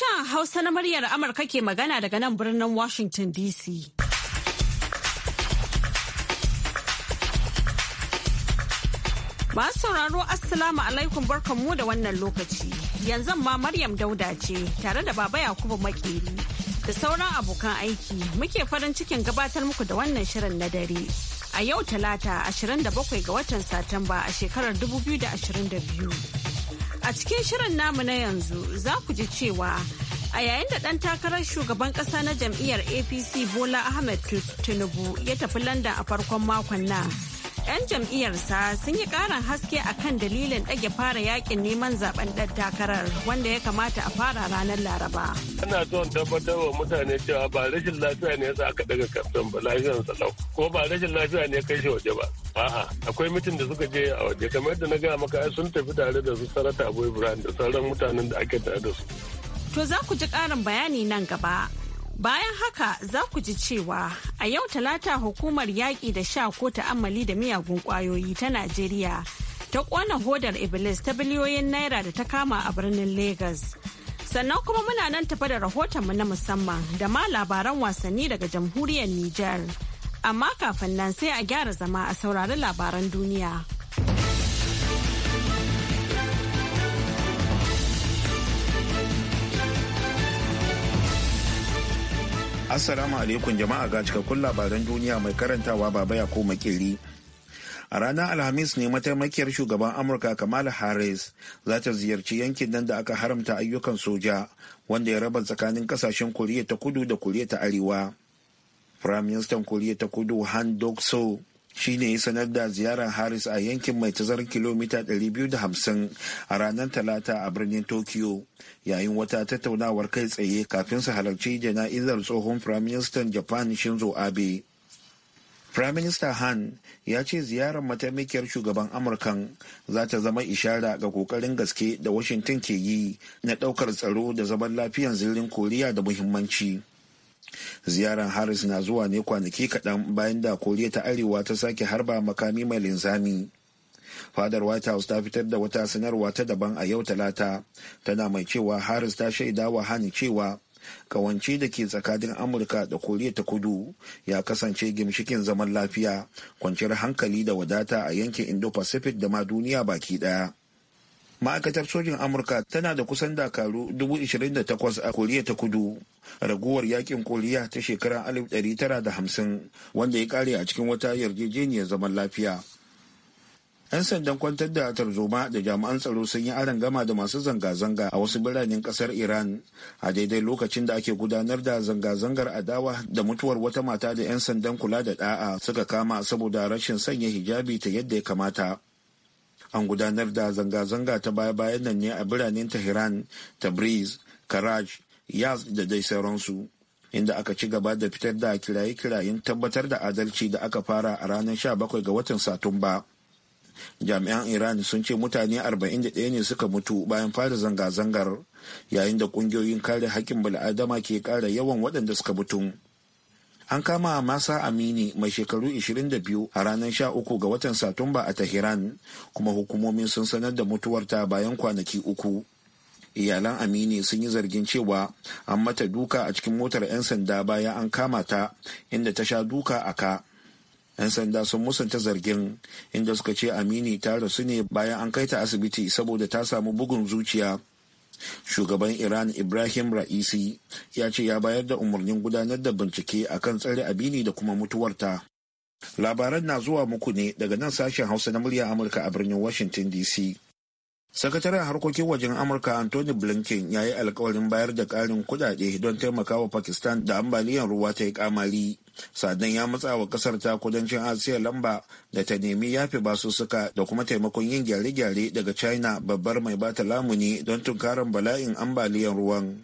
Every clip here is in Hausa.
Sashen Hausa na muryar Amurka ke magana daga nan birnin Washington DC. Masu sauraro Assalamu alaikum barkanmu da wannan lokaci. Yanzu ma Maryam Dauda ce tare da Baba Yakubu Makeri da sauran abokan aiki muke farin cikin gabatar muku da wannan shirin na dare. A yau Talata 27 ga watan Satumba a shekarar 2022. A cikin shirin namu na yanzu za ku ji cewa a yayin da ɗan takarar shugaban ƙasa na jam'iyyar APC Bola Ahmed Tinubu ya tafi London a farkon makon nan. 'yan jam'iyyarsa sun yi karin haske a kan dalilin ɗage fara yakin neman zaben ɗan takarar wanda ya kamata a fara ranar laraba. ana son tabbatar wa mutane cewa ba rashin lafiya ne yasa aka daga kaftan ba lafiyar salau ko ba rashin lafiya ne ya kai shi waje ba a'a akwai mitin da suka je a waje kamar yadda na gaya maka sun tafi tare da su sarata abu da sauran mutanen da ake tare da su. to za ku ji ƙarin bayani nan gaba Bayan haka za ku ji cewa a yau talata hukumar yaƙi da sha ko ta'ammali da miyagun ƙwayoyi ta Najeriya ta ƙona hodar Iblis ta biliyoyin naira da ta kama a birnin Legas. Sannan kuma muna nan tafa da rahotonmu na musamman da ma labaran wasanni daga jamhuriyar Nijar. Amma kafin nan sai a gyara zama a saurari labaran duniya. Assalamu alaikum jama'a ga cikakkun labaran duniya mai karantawa baba ya koma kiri. A ranar Alhamis ne mataimakiyar shugaban Amurka Kamala Harris za ta ziyarci yankin nan da aka haramta ayyukan soja wanda ya raba tsakanin kasashen Koriya ta kudu da Koriya ta arewa. Firaministan Koriya ta kudu Han dok shine ya sanar da ziyarar harris a yankin mai tazarar kilomita 250 a ranar talata a birnin tokyo yayin wata tattaunawar kai tsaye kafin su halarci jana'izar tsohon firaministan japan shinzo abe firaminista han ya ce ziyarar mataimakiyar shugaban amurkan za ta zama ishara ga kokarin gaske da washington ke yi na daukar tsaro da zaman lafiyar zirin koriya da muhimmanci. ziyaran harris na zuwa ne kwanaki kaɗan bayan da koriya ta arewa ta sake harba makami mai linzami fadar white house ta fitar da wata sanarwa ta daban a yau talata tana mai cewa harris ta shaida wa hani cewa ƙawance da ke tsakanin amurka da koriya ta kudu ya kasance gimshikin zaman lafiya kwanciyar hankali da wadata a yankin indo-pacific da ma duniya baki daya ma'aikatar sojin amurka tana da kusan dakaru 28,000 a koriya ta kudu raguwar yakin koriya ta shekarar 1950 wanda ya kare a cikin wata yarjejeniyar zaman lafiya 'yan sandan kwantar da tarzoma da jami'an tsaro sun yi aron gama da masu zanga-zanga a wasu biranen kasar iran a daidai lokacin da ake gudanar da zanga-zangar adawa da mutuwar wata mata da 'yan sandan kula da da'a suka kama saboda rashin sanya hijabi ta yadda ya kamata an gudanar da zanga-zanga ta baya-bayan nan ne a biranen tehran tabriz karaj yaz da dai sauransu inda aka ci gaba da fitar da kiraye-kirayen tabbatar da adalci da aka fara a ranar 17 ga watan satumba jami'an iran sun ce mutane 41 ne suka mutu bayan fara zanga-zangar yayin da kungiyoyin kare haƙƙin bala'adama ke ƙara yawan waɗanda suka mutu. an kama masa amini mai shekaru 22 a ranar 13 ga watan satumba a tehran kuma hukumomin sun sanar da mutuwarta bayan kwanaki uku iyalan amini sun yi zargin cewa an mata duka a cikin motar 'yan sanda bayan an kama ta inda ta sha duka a ka 'yan sanda sun musanta zargin inda suka ce amini ta rasu ne bayan an kai ta asibiti saboda ta samu bugun zuciya shugaban iran ibrahim ra'isi ya ce ya bayar da umarnin gudanar da bincike a kan tsare abini da kuma mutuwarta labaran na zuwa muku ne daga nan sashen hausa na murya amurka a birnin washington dc sakataren harkokin wajen amurka anthony blinken ya yi alkawarin bayar da ƙarin kudade don taimakawa pakistan da ambaliyar ruwa ta yi kamari sadan ya matsa wa kasar ta kudancin asiya lamba da ta nemi yafe basussuka da kuma taimakon yin gyare-gyare daga china babbar mai bata lamuni don tunkarar bala'in ambaliyar ruwan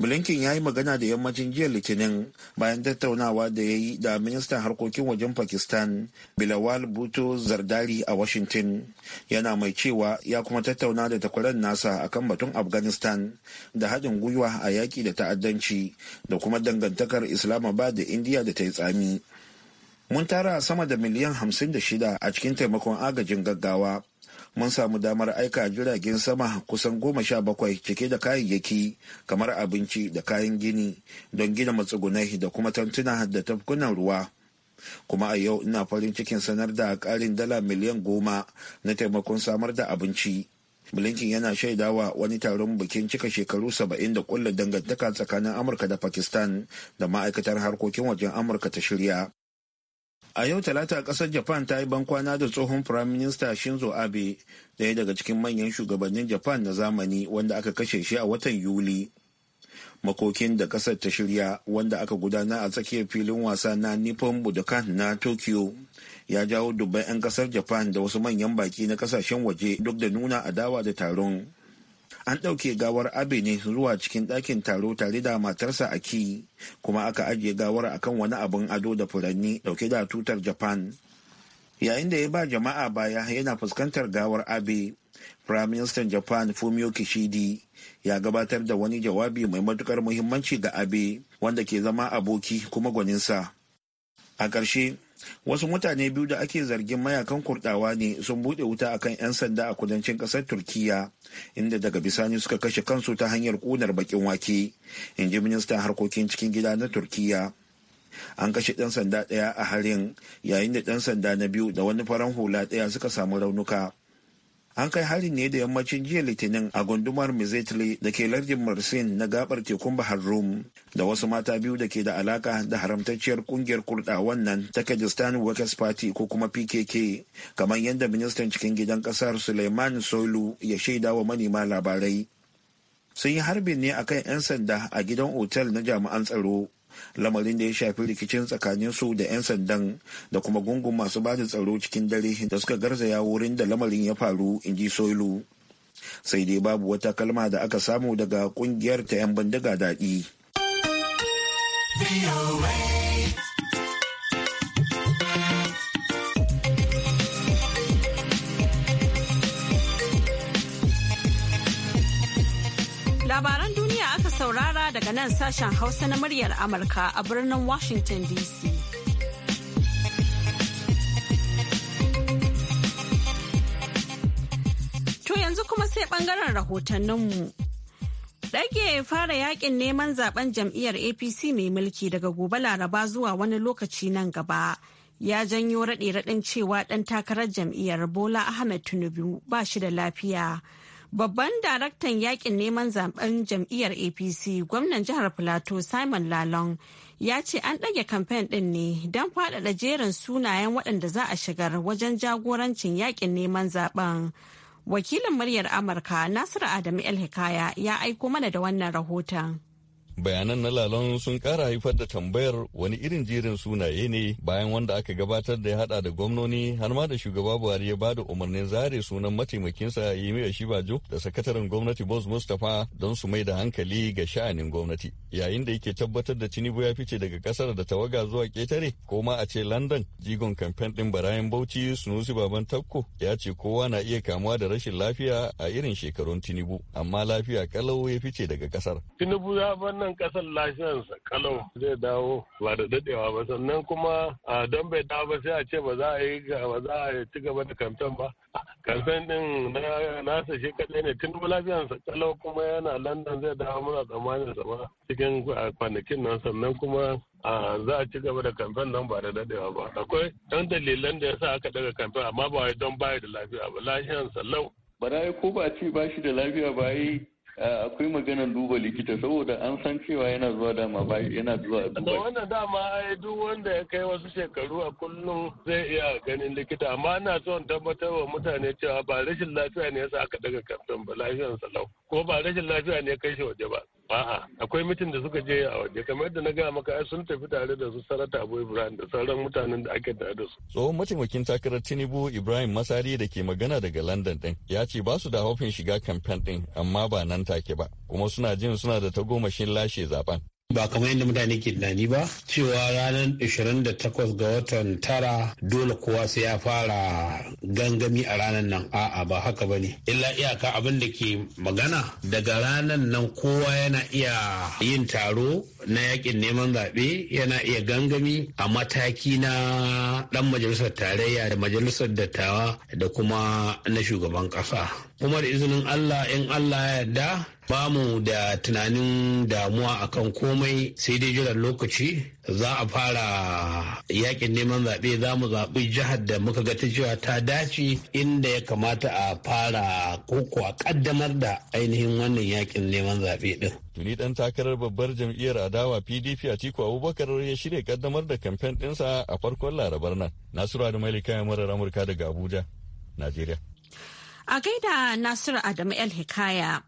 blinken ya yi magana da yammacin jiya litinin bayan tattaunawa da ya yi da ministan harkokin wajen pakistan bilawal bhutto zardari a washington yana mai cewa ya kuma tattauna da takwaran nasa akan batun afghanistan da haɗin gwiwa a yaƙi da ta'addanci da kuma dangantakar islamabad da indiya da ta yi tsami mun tara sama da miliyan 56 a cikin taimakon agajin gaggawa mun samu damar aika jiragen sama kusan goma sha bakwai cike da kayayyaki kamar abinci da kayan gini don gina matsugunai da kuma tantuna da tafkunan ruwa kuma a yau ina farin cikin sanar da karin dala miliyan goma na taimakon samar da abinci blinken yana shaidawa wani taron bikin cika shekaru saba'in da kulla dangantaka tsakanin amurka da pakistan da ma'aikatar harkokin wajen amurka ta shirya a yau talata kasar japan ta yi bankwana da tsohon firaminista shinzo abe daya daga cikin manyan shugabannin japan na zamani wanda aka kashe shi a watan yuli makokin da kasar ta shirya wanda aka gudana a tsakiyar filin wasa na nippon budokan na tokyo ya jawo dubban 'yan kasar japan da wasu manyan baki na kasashen waje duk da nuna adawa da taron an ɗauke gawar abe ne zuwa cikin ɗakin taro tare da matarsa a ki kuma aka ajiye gawar akan wani abin ado da furanni ɗauke da tutar japan yayin da ya ba jama'a baya yana fuskantar gawar abe prime minister japan fumio kishidi ya gabatar da wani jawabi mai matukar muhimmanci ga abe wanda ke zama aboki kuma gwaninsa a ƙarshe wasu mutane biyu da ake zargin mayakan kurdawa ne sun bude wuta a kan 'yan sanda a kudancin kasar turkiya inda daga bisani suka kashe kansu ta hanyar kunar bakin wake in ji ministan harkokin cikin gida na turkiya an kashe ɗan sanda ɗaya a harin yayin da ɗan sanda na biyu da wani faran hula ɗaya suka samu raunuka an kai hari ne da yammacin jiya litinin a gundumar mizetli da ke lardin marsin na gabar tekun bahar rum da wasu mata biyu da ke da alaka da haramtacciyar kungiyar kurda wannan ta kajistan workers party ko kuma pkk kamar yadda ministan cikin gidan kasar suleiman soilu ya shaida wa manema labarai sun yi harbin ne a kan 'yan sanda a gidan otal na jami'an tsaro lamarin da ya shafi rikicin tsakanin su da 'yan sandan da kuma gungun masu bada tsaro cikin dare da suka garzaya wurin da lamarin ya faru in ji soilu sai dai babu wata kalma da aka samu daga kungiyar ta 'yan bindiga daɗi. daga nan sashen Hausa na muryar Amurka a birnin Washington DC. To yanzu kuma sai bangaren rahotanninmu. Ɗage fara yakin neman zaben jam'iyyar APC mai mulki daga gobe Laraba zuwa wani lokaci nan gaba. Ya janyo raɗe-raɗin cewa ɗan takarar jam'iyyar Bola Ahmed Tinubu ba shi da lafiya. Babban daraktan yakin neman zaben jam'iyyar APC gwamnan jihar Filato Simon Lalong ya ce an ɗage kamfen ɗin ne don faɗaɗa jerin sunayen waɗanda za a shigar wajen jagorancin yakin neman zaben. Wakilin muryar Amurka Nasiru Adamu El ya aiko mana da wannan rahoton. bayanan na lalon sun kara haifar da tambayar wani irin jerin sunaye ne bayan wanda aka gabatar da ya hada da gwamnoni har ma da shugaba buhari ya bada umarnin zare sunan mataimakinsa yemi shibajo da sakataren gwamnati boss mustapha don su mai da hankali ga sha'anin gwamnati yayin da yake tabbatar da tinubu ya fice daga kasar da tawaga zuwa ketare ko ma a ce london jigon kamfen din barayin bauchi sunusi baban tafko ya ce kowa na iya kamuwa da rashin lafiya a irin shekarun tinubu amma lafiya kalau ya fice daga kasar tinubu ya bar nan kasar lafiyarsa kalau zai dawo ba da dadewa ba sannan kuma don bai dawo ba sai a ce ba za a yi ba za a ci gaba da kamfen ba kamfen din nasa shi kadai ne tinubu lafiyarsa kalau kuma yana london zai dawo muna tsammanin sa ba cikin uh, kwanakin nan sannan kuma uh, za a ci gaba da kamfen nan ba da dadewa ba akwai dan dalilan da yasa aka daga kamfen amma ba wai don bayi da lafiya ba lafiyan sallau bara ko ba ce ba shi da lafiya ba yi uh, akwai maganar duba likita saboda an san cewa yana zuwa dama ba yana zuwa da wannan dama ai duk wanda ya kai wasu shekaru a kullum zai iya ganin likita amma ana son tabbatar wa mutane cewa ba rashin lafiya ne yasa aka daga kamfen ba lafiyan salau ko ba rashin lafiya ne ya kai shi waje ba A'a, akwai mitin da suka je a waje kamar yadda na gaya maka sun tafi tare da su Sarata Abu Ibrahim da sauran mutanen da ake tare da su. Tsohon mataimakin takarar Tinubu Ibrahim Masari da ke magana daga London din ya ce ba su da haufin shiga kamfen din amma ba nan take ba kuma suna jin suna da tagomashin lashe zaben. ba kamar yadda mutane ke tunani ba cewa ranar 28 ga watan tara dole kowa sai ya fara gangami a ranar nan a'a ba haka ba ne illa iyaka abin da ke magana daga ranar nan kowa yana iya yin taro na yakin neman zaɓe yana iya gangami a mataki na ɗan majalisar tarayya da majalisar dattawa da kuma na shugaban ƙasa. Kuma da izinin Allah in Allah ya yarda ba mu da tunanin damuwa akan komai sai dai jiran lokaci za a fara yakin neman zaɓe za mu zaɓi jihar da muka ga ta cewa ta dace inda ya kamata a fara koko a ƙaddamar da ainihin wannan yakin neman zaɓe ɗin. Tuni dan takarar babbar jam'iyyar adawa PDP a Tiku Abubakar ya shirya kaddamar da kamfen ɗinsa a farkon larabar nan. Nasiru adamu Adamali kayan murar Amurka daga Abuja, Najeriya. A gaida Nasiru Adamu El Hikaya.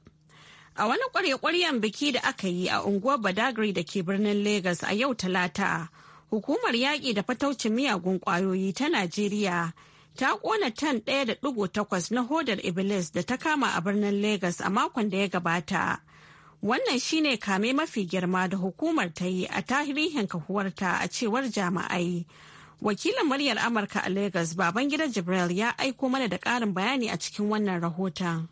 A wani kwarye-kwaryen biki da aka yi a unguwar Badagry da ke birnin Legas a yau Talata, hukumar yaƙi da fataucin miyagun ƙwayoyi ta Najeriya ta ƙona tan ɗaya da ɗigo takwas na hodar Iblis da ta kama a birnin Legas a makon da ya gabata. Wannan shine kame mafi girma da hukumar ta yi a tarihin kahuwarta a cewar jama'ai. Wakilin muryar Amurka a Legas Babangida Jibril ya aiko mana da ƙarin bayani a cikin wannan rahoton.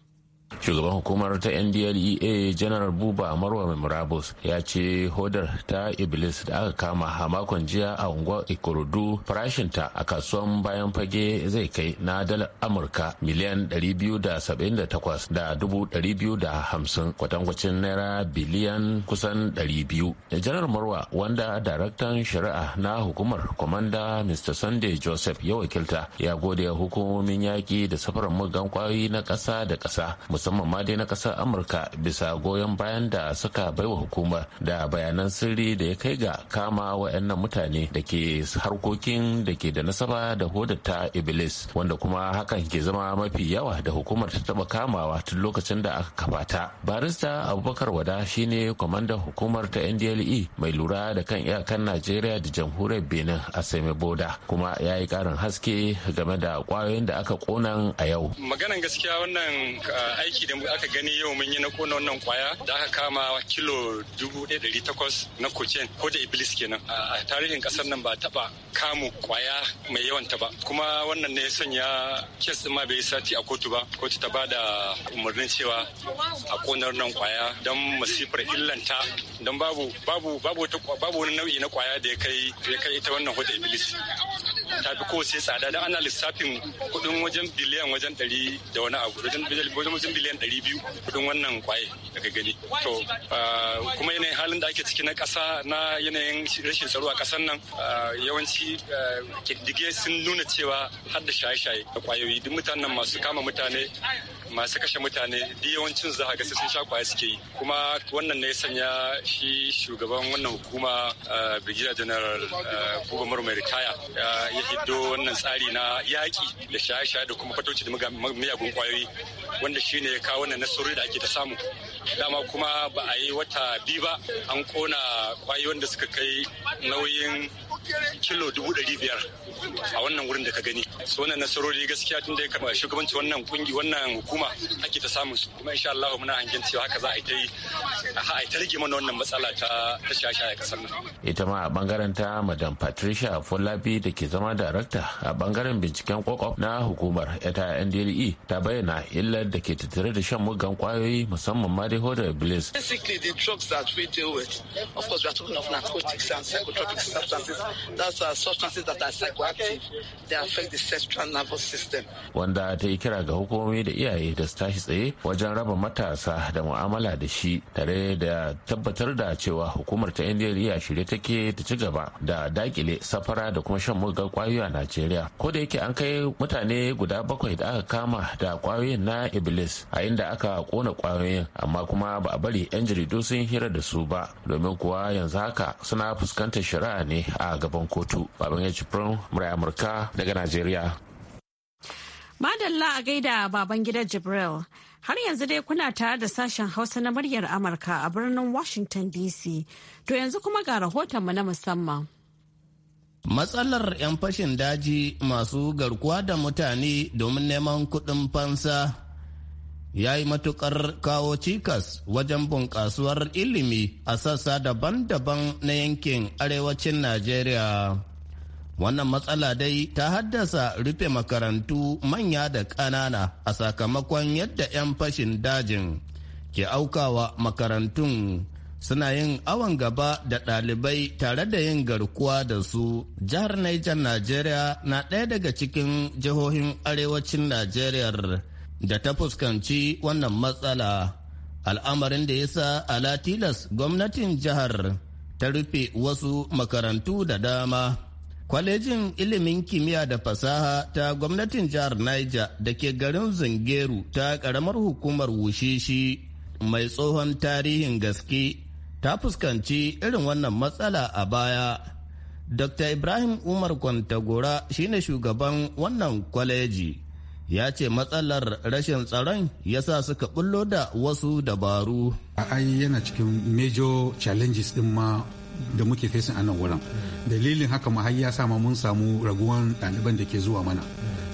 shugaban hukumar ta ndlea janar buba marwa memorabus ya ce hodar ta iblis da aka kama a makon jiya a unguwar ikorodu farashinta a kasuwan bayan fage zai kai na dala amurka miliyan 278 da 250 kwatankwacin naira biliyan kusan 200 janar marwa wanda daraktan shari'a na hukumar kwamanda mr sunday joseph ya wakilta ya gode hukumomin yaki da safarar mugan kwayoyi na kasa da kasa. musamman ma dai na kasar amurka bisa goyon bayan da suka baiwa hukuma, da bayanan sirri da ya kai ga kama waɗannan mutane da ke harkokin da ke da nasaba da hodata iblis wanda kuma hakan ke zama mafi yawa da hukumar ta taba kamawa tun lokacin da aka kafa ta barista abubakar wada shine kwamandan hukumar ta ndle mai lura da kan iyakan najeriya da jamhuriyar benin a same boda kuma ya yi karin haske game da kwayoyin da aka konan a yau maganan gaskiya wannan aiki da aka gani yau mun yi na kona wannan kwaya da aka kama kilo dubu ɗaya ɗari takwas na kocen ko da iblis kenan a tarihin ƙasar nan ba taɓa kamu kwaya mai yawan ta ba kuma wannan ne ya sanya kes ma bai sati a kotu ba kotu ta ba da umarnin cewa a konar nan kwaya don masifar illanta don babu babu babu wani nau'i na kwaya da ya kai ita wannan hoda iblis ta fi kowace tsada don ana lissafin kudin wajen biliyan wajen ɗari da wani abu wajen biliyan ɗari biyu kudin wannan kwaye daga gani to ah, kuma yanayin halin da ake ciki na ƙasa na yanayin rashin tsaro a ƙasar nan ah, yawanci kiddige ah, sun nuna cewa har da shaye-shaye da kwayoyi duk mutanen masu kama mutane masu kashe mutane duk yawancin za a ga sun sha kwaya suke yi kuma wannan ne sanya shi shugaban wannan hukuma brigadier general buba mai ritaya ya hiddo wannan tsari na yaƙi da shaye-shaye da kuma fatoci da miyagun kwayoyi wanda shi ne ya kawo wannan nasarori da ake ta samu dama kuma ba a yi wata biyu ba an kona kwayoyin da suka kai nauyin kilo dubu ɗari biyar a wannan wurin da ka gani su wannan nasarori gaskiya tun da ya kama shugabanci wannan kungi wannan hukuma ake ta samun su kuma insha Allah muna hangen cewa haka za a yi ta yi a ta rage mana wannan matsala ta ta a kasar nan ita ma a bangaren ta madam Patricia Folabi da ke zama darakta a bangaren binciken kwakwaf na hukumar ta NDLE ta bayyana illar da ke tattare da shan mugan kwayoyi musamman ma dai hodar iblis basically the drugs that we deal with of course we are talking of That's substances that are psychoactive. They affect the central nervous system. Wanda ta yi kira ga hukumomi da iyaye da su tashi tsaye wajen raba matasa da mu'amala da shi tare da tabbatar da cewa hukumar ta NDLEA shirye take ta ci gaba da dakile safara da kuma shan mugar kwayoyi a Najeriya. Ko da yake an kai mutane guda bakwai da aka kama da kwayoyin na Iblis a inda aka kona kwayoyin amma kuma ba a bari 'yan jaridu sun hira da su ba domin kuwa yanzu haka suna fuskantar shari'a ne a gaban kotu baban yaji jibrin murai amurka daga najeriya madalla a gaida baban gidan jibril har yanzu dai kuna tare da sashen hausa na muryar amurka a birnin washington dc to yanzu kuma ga rahotonmu na musamman Matsalar 'yan fashin daji masu garkuwa da mutane domin neman kuɗin fansa ya yi matuƙar kawo cikas wajen bunƙasuwar ilimi a sassa daban-daban na yankin arewacin Najeriya. Wannan matsala dai ta haddasa rufe makarantu manya da ƙanana a sakamakon yadda 'yan fashin dajin ke aukawa makarantun suna yin awon gaba da ɗalibai tare da yin garkuwa da su. Jihar Niger Najeriya na ɗaya daga cikin jihohin arewacin Najeriya. da ta fuskanci wannan matsala al'amarin da ya sa ala tilas gwamnatin jihar ta rufe wasu makarantu da dama kwalejin ilimin kimiyya da fasaha ta gwamnatin jihar niger da ke garin zungeru ta karamar hukumar wushishi mai tsohon tarihin gaske ta fuskanci irin wannan matsala a baya dr ibrahim umar kwantagora shine shugaban wannan kwaleji ya ce matsalar rashin tsaron ya sa suka bullo da wasu dabaru. ai yana cikin major challenges din ma da muke fesin a nan wurin dalilin haka ma har ya sa mun samu raguwan ɗaliban da ke zuwa mana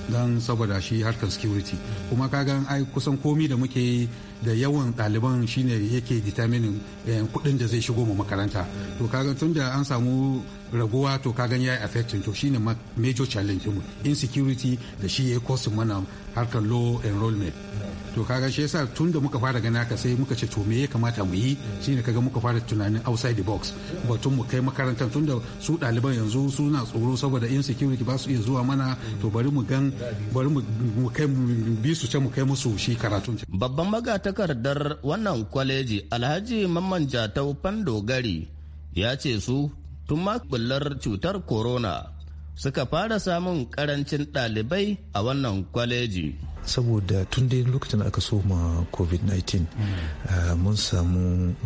don saboda shi harkar security kuma kagan ai kusan komi da muke yi da yawan ɗaliban shine yake determining eh, kuɗin da zai shigo mu makaranta to kaga tun da an samu raguwa to kagan ya yi affecting to shine major challenge mu insecurity da shi ya kosin mana harkar low enrollment to kaga shi yasa tun da muka fara gani haka sai muka ce to me ya kamata mu yi shine kaga muka fara tunanin outside the box batun mu kai makarantar tun da su ɗaliban yanzu suna tsoro saboda insecurity ba su iya zuwa mana to bari mu gan bari mu kai mu bi su can mu kai musu shi karatun babban magata Takardar wannan kwaleji alhaji mamman jatau dogari ya ce su tun ma cutar corona suka fara samun karancin ɗalibai a wannan kwaleji. saboda tun dai lokacin aka so ma covid-19 hmm. ah, mun samu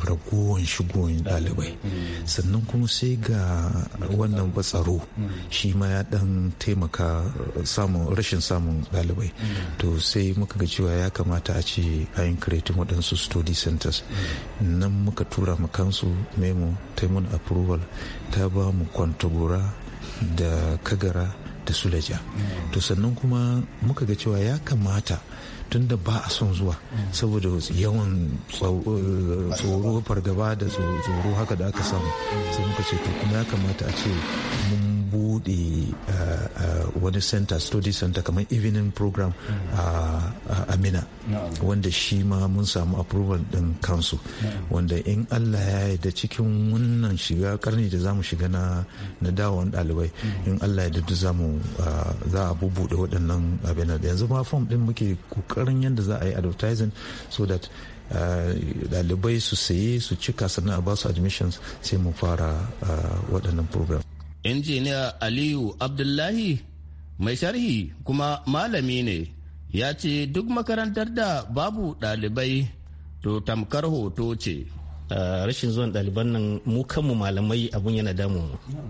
ragowar shigowar dalibai hmm. sannan kuma sai ga wannan batsaro hmm. shi ma ya dan taimaka eh, samun rashin samun dalibai to sai muka ga cewa ya kamata a ce ayin kreatin waɗansu study centers nan muka tura mu kansu memo ta approval ta ba mu kwantogora da kagara da sulaja to sannan kuma muka ga cewa ya kamata tunda ba a son zuwa saboda yawan eh, tsoro fargaba da tsoro haka da aka samu sai muka ce to kuma ya kamata a ce mun bude. wani center study center kamar evening program mm. a amina wanda shi ma mun samu approval din kansu wanda in allah ya yi da cikin wannan shiga karni da zamu shiga na dawon dalibai mm. in allah ya dudu za mu za a bubuɗe waɗannan abin yanzu ma form din muke kokarin yadda za a yi advertising so that dalibai su sayi su cika sannan a basu admissions sai mu fara waɗannan program. injiniya aliyu abdullahi mai sharhi kuma malami ne ya ce duk makarantar da babu ɗalibai to tamkar hoto ce rashin zuwan ɗaliban nan mu kanmu malamai abun yana damu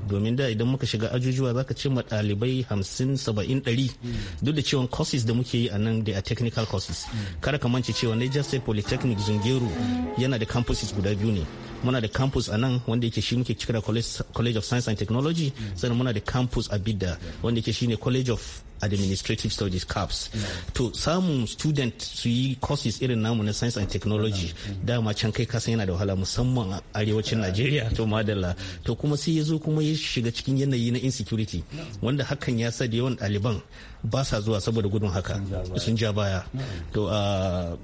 domin da idan muka shiga ajujuwa zaka ce ma ɗalibai hamsin saba'in ɗari duk da cewa courses da muke yi a nan da a technical courses kada ka mance cewa Niger State Polytechnic Zungeru yana da campuses guda biyu ne muna da campus a nan wanda yake shi muke cikin da college of science and technology sannan muna da campus a bidda wanda yake ne college of administrative studies caps to samun student su yi courses irin namu na science and technology dama can kai kasan yana da wahala musamman a arewacin najeriya to madalla to kuma sai ya zo kuma ya shiga cikin yanayi na insecurity wanda hakan ya sa da yawan ɗaliban ba sa zuwa saboda gudun haka sun ja baya to ah,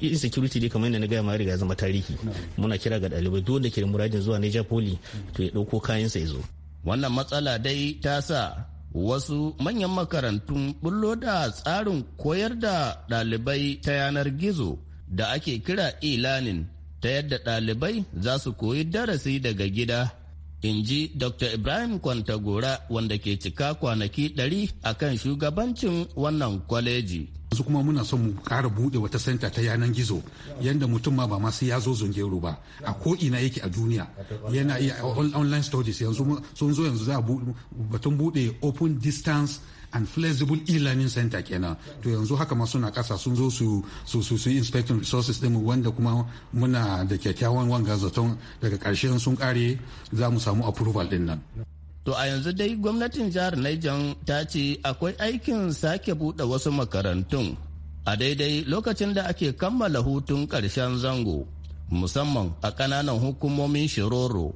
insecurity dai kamar yadda na gaya ma riga zama tarihi muna kira ga ɗalibai duk wanda ke da muradin zuwa Niger Poly to ya ɗauko kayan sa yazo wannan matsala dai ta sa wasu manyan makarantun bullo da tsarin koyar da ɗalibai ta yanar gizo da ake kira e-learning ta yadda ɗalibai za su koyi darasi daga gida in ji dr ibrahim kwantagora wanda ke cika kwanaki 100 akan shugabancin wannan kwaleji. yanzu kuma muna son mu ƙara bude wata senta ta yanar gizo yadda mutum ma ba ma sai ya zo zungero ba a ko ina yake a duniya yana iya online studies yanzu sun zo yanzu za a batun bude open distance and flexible e-learning center kenan to yanzu haka ma suna kasa sun zo su su su, su inspecting resources din wanda kuma muna da kyakkyawan wanga zaton daga karshen sun kare za mu samu approval din nan To a yanzu dai gwamnatin jihar Niger ta ce akwai aikin sake buɗe wasu makarantun a daidai lokacin da ake kammala hutun ƙarshen zango musamman a ƙananan hukumomin Shiroro,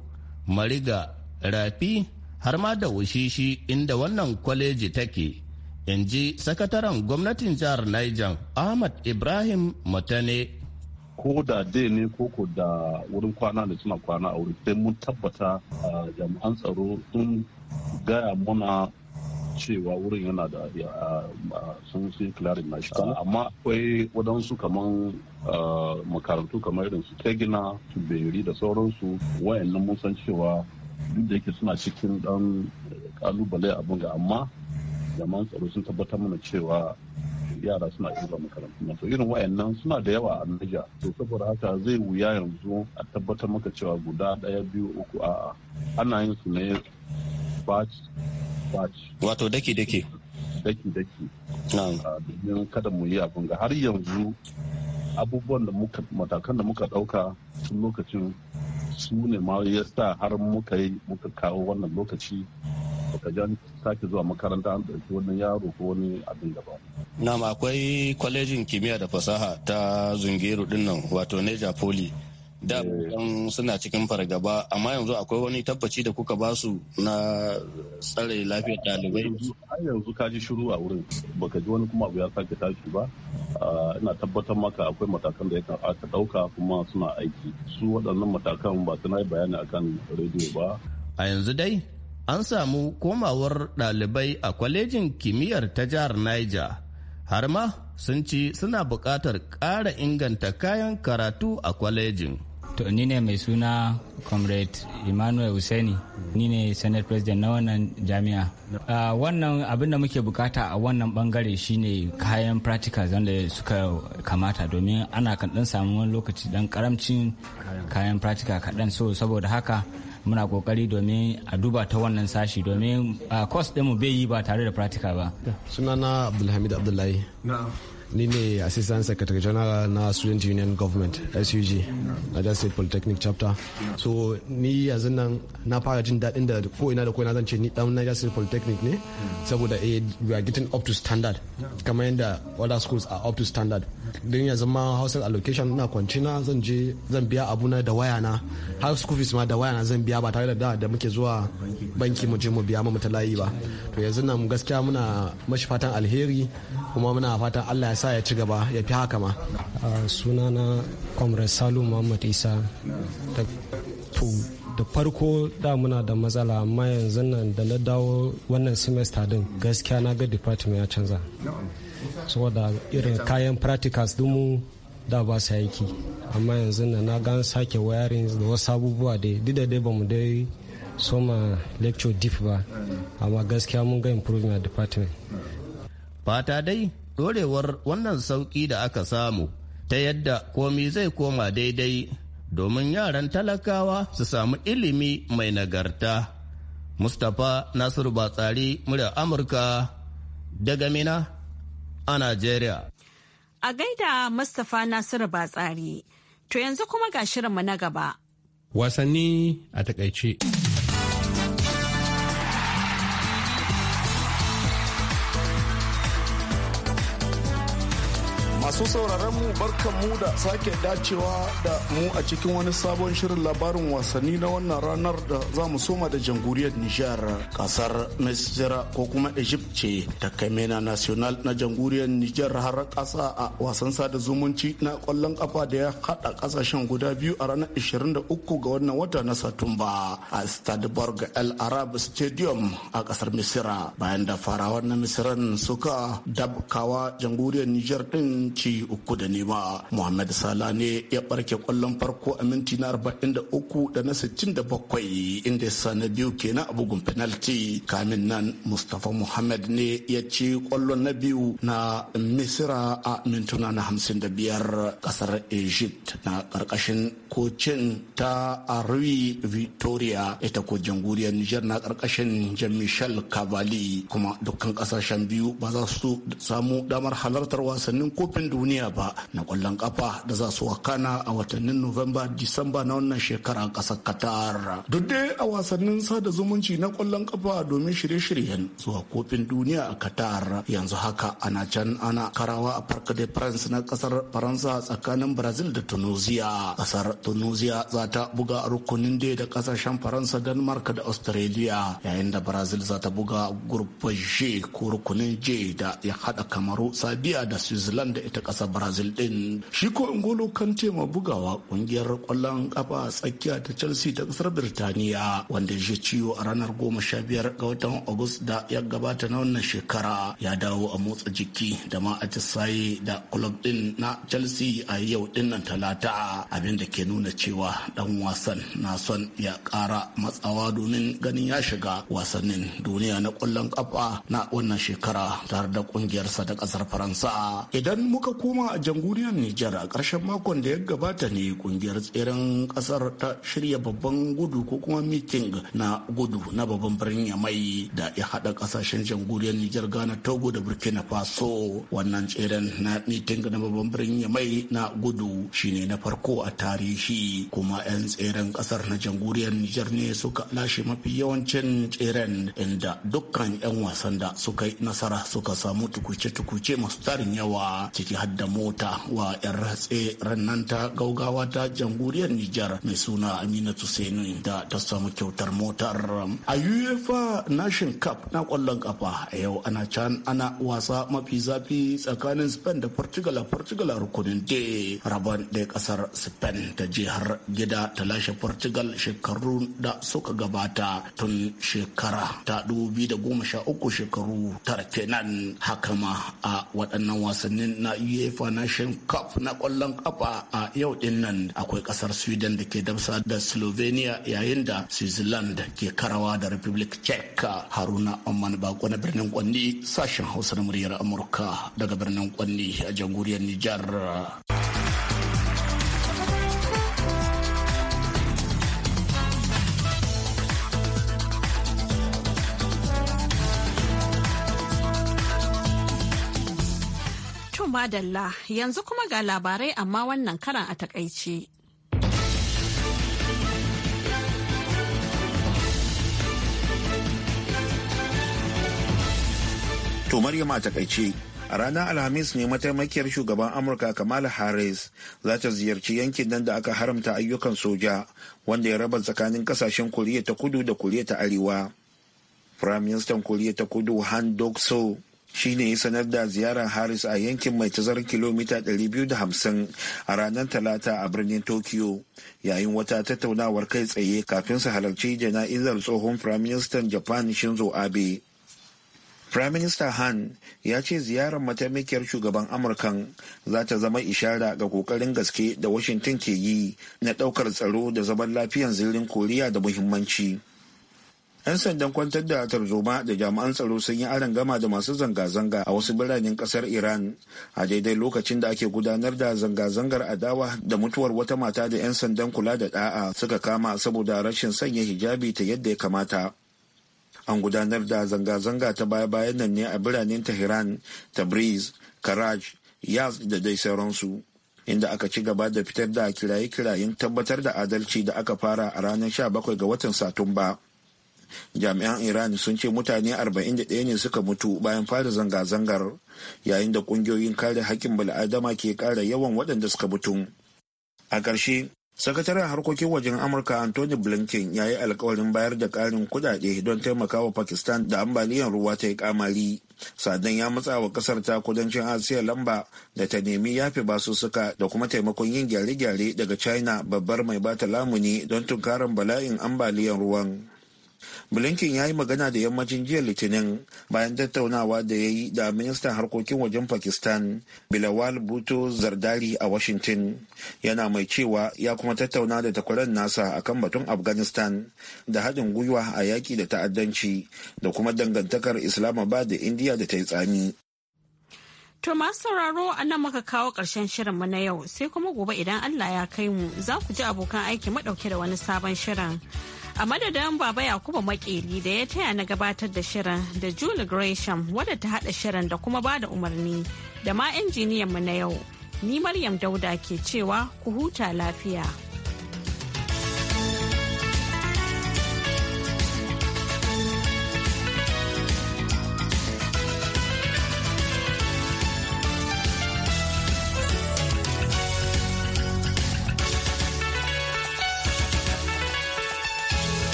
Mariga, Rafi har ma da Wushishi inda wannan kwaleji take. In ji sakataren gwamnatin jihar Niger Ahmad Ibrahim Matane ko da dai ne ko ko da wurin kwana da suna kwana a wuri sai mun tabbata a jami'an tsaro sun gaya muna cewa wurin yana da sun sun kilarin nashi amma akwai wadansu kamar makarantu kamar irin su tegina beri da sauransu wayannan mun san cewa duk da yake suna cikin dan kalubale abin ga amma jami'an tsaro sun tabbatar mana cewa yara suna iya makarantu masu irin wayannan suna da yawa a Niger to saboda haka zai wuya yanzu a tabbatar maka cewa guda ɗaya biyu uku a'a ana yin su ne batch batch wato daki daki daki daki ah, domin kada mu yi abin ga har yanzu abubuwan da muka matakan da muka ɗauka tun lokacin su ne ma ya sa har muka yi muka kawo wannan lokaci ka ji ta sake zuwa makaranta an ɗauki wani yaro ko wani abin da ba. na akwai kwalejin kimiyya da fasaha ta Zungeru dinnan wato Neja Poli. Da eh. suna cikin fargaba amma yanzu akwai wani tabbaci da kuka basu na tsare lafiyar ɗalibai. Har yanzu ka ji shiru a wurin baka ji wani kuma abu ya sake tashi ba. Ah, ina tabbatar maka akwai matakan da ya aka ɗauka kuma suna aiki. Su waɗannan matakan ba su na yi bayani akan rediyo ba. A yanzu dai an samu komawar ɗalibai a kwalejin kimiyyar ta jihar Niger. Har ma sun ci suna buƙatar ƙara inganta kayan karatu a kwalejin. To ni ne mai suna Comrade Emmanuel Useni, ni ne Senate President na wannan jami'a. wannan abin da muke bukata a wannan bangare shine kayan practical zanda suka kamata domin ana kan dan samu wani lokaci dan karamcin kayan practical kaɗan so saboda haka muna kokari domin a duba ta wannan sashi domin a course ɗinmu bai yi ba tare da practical ba sunana abdulhamid abdullahi ni ne assistant secretary general na student union government sug na jasa polytechnic chapter so ni yanzu nan na fara jin daɗin da ko ina da ko ina zan ce ni dan na jasa polytechnic ne saboda eh we are getting up to standard kamar yadda other schools are up to standard don yanzu ma housing allocation na kwanci na zan je zan biya abuna da waya na har school fees ma da waya na zan biya ba tare da da muke zuwa banki mu je mu biya mu ta layi ba to yanzu nan gaskiya muna mashi fatan alheri kuma muna fatan Allah ya sa ya ci gaba ya fi haka ma sunana comrade salu muhammad isa da farko da muna da matsala amma yanzu nan da na dawo wannan semester din gaskiya na ga department ya canza saboda irin kayan practicals mu da ba su aiki amma yanzu nan na gan sake wayarin da wasu abubuwa da dida da ba mu dai soma lecture deep ba amma gaskiya mun ga improvement a department fata dai ɗorewar wannan sauƙi da aka samu ta yadda komi zai koma daidai domin yaran talakawa su samu ilimi mai nagarta. Mustapha Nasiru Batsari murya Amurka daga Mina a Najeriya. A gaida Mustapha Nasiru Batsari, to yanzu kuma ga shirinmu na gaba. Wasanni a takaice. masu sauraron mu barkan mu da sake dacewa da mu a cikin wani sabon shirin labarin wasanni na wannan ranar da za mu soma da jamhuriyar Nijar. Kasar Misira ko kuma Egypt ce ta kai mena national na jamhuriyar Nijar har kasa a wasan sada zumunci na kwallon kafa da ya hada kasashen guda biyu a ranar 23 ga wannan wata na Satumba a Stadborg El Arab Stadium a kasar Misira bayan da farawar na Misiran suka dabkawa jamhuriyar Nijar din ci minti uku da nema muhammad sala ne ya barke kwallon farko a minti na 43 da na 67 inda ya sa na biyu kenan a bugun penalty kamin nan mustapha muhammad ne ya ci kwallon na biyu na misira a mintuna na biyar kasar egypt na karkashin kocin ta arui victoria ita ko jamhuriyar niger na karkashin jan michel cavalli kuma dukkan kasashen biyu ba za su samu damar halartar wasannin kofin duniya ba na kwallon kafa da za su wakana a watannin Novemba, Disamba na wannan shekara kasar Qatar. Duk dai a wasannin sada zumunci na kwallon kafa domin shirye-shiryen zuwa kofin duniya a Qatar yanzu haka ana can ana karawa a park de France na kasar Faransa tsakanin Brazil da Tunisia. Ƙasar Tunisia za ta buga rukunin da da kasashen Faransa, Denmark da Australia yayin da Brazil za ta buga gurbin G ko rukunin je da ya haɗa Kamaru, Sabiya da Switzerland da ita ta ƙasar brazil ɗin shi ko ngolo kante ma bugawa ƙungiyar ƙwallon ƙafa tsakiya ta chelsea ta ƙasar birtaniya wanda ya ciwo a ranar goma sha biyar ga watan da ya gabata na wannan shekara ya dawo a motsa jiki da ma a tisaye da club ɗin na chelsea a yau din nan talata abin da ke nuna cewa ɗan wasan na son ya ƙara matsawa domin ganin ya shiga wasannin duniya na ƙwallon ƙafa na wannan shekara tare da ƙungiyarsa ta ƙasar faransa idan muka muka koma a jamhuriyar Nijar a ƙarshen makon da ya gabata ne kungiyar tseren ƙasar ta shirya babban gudu ko kuma miting na gudu na babban birnin Yamai da ya haɗa ƙasashen jamhuriyar Nijar Ghana Togo da Burkina Faso. Wannan tseren na miting na babban birnin Yamai na gudu shine na farko a tarihi kuma 'yan tseren ƙasar na jamhuriyar Nijar ne suka lashe mafi yawancin tseren inda dukkan 'yan wasan da suka yi nasara suka samu tukuce-tukuce masu tarin yawa ciki hadda mota wa 'yar ratse rannan ta gaugawa ta jamhuriyar Nijar mai suna Aminatu Seni da ta samu kyautar motar. A UEFA Nation Cup na kwallon kafa a yau ana can ana wasa mafi zafi tsakanin Spain da Portugal a Portugal a rukunin D. Rabon da kasar Spain ta jihar gida ta lashe Portugal shekaru da suka gabata tun shekara ta goma sha 2013 shekaru tara kenan haka ma a waɗannan wasannin na uefa nation cup na kwallon kafa a yau din nan akwai ƙasar sweden da ke damsa da slovenia yayin da switzerland ke karawa da republic czech haruna amman bako na birnin kwanni sashen hausa na muryar amurka daga birnin kwanni a jamhuriyar nijar madalla yanzu kuma ga labarai amma wannan karan a takaice. To Maryam a takaice a ranar alhamis ne mataimakiyar shugaban amurka kamal harris za ta ziyarci yankin nan da aka haramta ayyukan soja wanda ya raba tsakanin kasashen koriya ta kudu da koriya ta arewa firaministan koriya ta kudu han dok shi ne ya sanar da ziyarar harris a yankin mai tazarar kilomita 250 a ranar talata a birnin tokyo yayin wata tattaunawar kai tsaye kafin su halarci jana'izar tsohon firaministan japan shinzo abe firaminista han ya ce ziyarar mataimakiyar shugaban amurkan za ta zama ishara ga kokarin gaske da washington ke yi na daukar tsaro da zaman lafiyan zirin koriya da muhimmanci. 'Yan sandan kwantar da tarzoma da jami'an tsaro sun yi aron gama da masu zanga-zanga a wasu biranen kasar Iran a daidai lokacin da ake gudanar da zanga-zangar adawa da mutuwar wata mata da 'yan sandan kula da da'a suka kama saboda rashin sanya hijabi ta yadda ya kamata. An gudanar da zanga-zanga ta baya-bayan nan ne a biranen Tehran, Tabriz, Karaj, Yaz da dai sauransu. inda aka ci gaba da fitar da kiraye-kirayen tabbatar da adalci da aka fara a ranar 17 ga watan Satumba. jami'an iran sun ce mutane 41 ne suka mutu bayan fara zanga-zangar yayin da kungiyoyin kare haƙƙin bal'adama ke ƙara yawan waɗanda suka mutu a ƙarshe sakataren harkokin wajen amurka anthony blinken ya yi alkawarin bayar da ƙarin kuɗaɗe don taimakawa pakistan da ambaliyar ruwa ta yi kamari sadan ya matsa wa ƙasar ta kudancin asiya lamba da ta nemi yafe basussuka da kuma taimakon yin gyare-gyare daga china babbar mai bata lamuni don tunkarar bala'in ambaliyar ruwan blinken ya yi magana da yammacin jiya litinin bayan tattaunawa da ya yi da ministan harkokin wajen pakistan bilawal bhutto zardari a washington yana mai cewa ya kuma tattauna da takwaran nasa akan batun afghanistan da haɗin gwiwa a yaƙi da ta'addanci da kuma dangantakar islamabad da indiya da ta yi tsami To masu sauraro a nan muka kawo ƙarshen shirinmu na yau sai kuma gobe idan Allah ya kai mu za ku ji abokan aiki madauke da wani sabon shirin. A madadin Baba Yakubu Makeri da ya taya na gabatar da shirin da Julie Gresham wadda ta haɗa shirin da kuma bada umarni da ma injiniyan mu na yau. Ni Maryam Dauda ke cewa ku huta lafiya.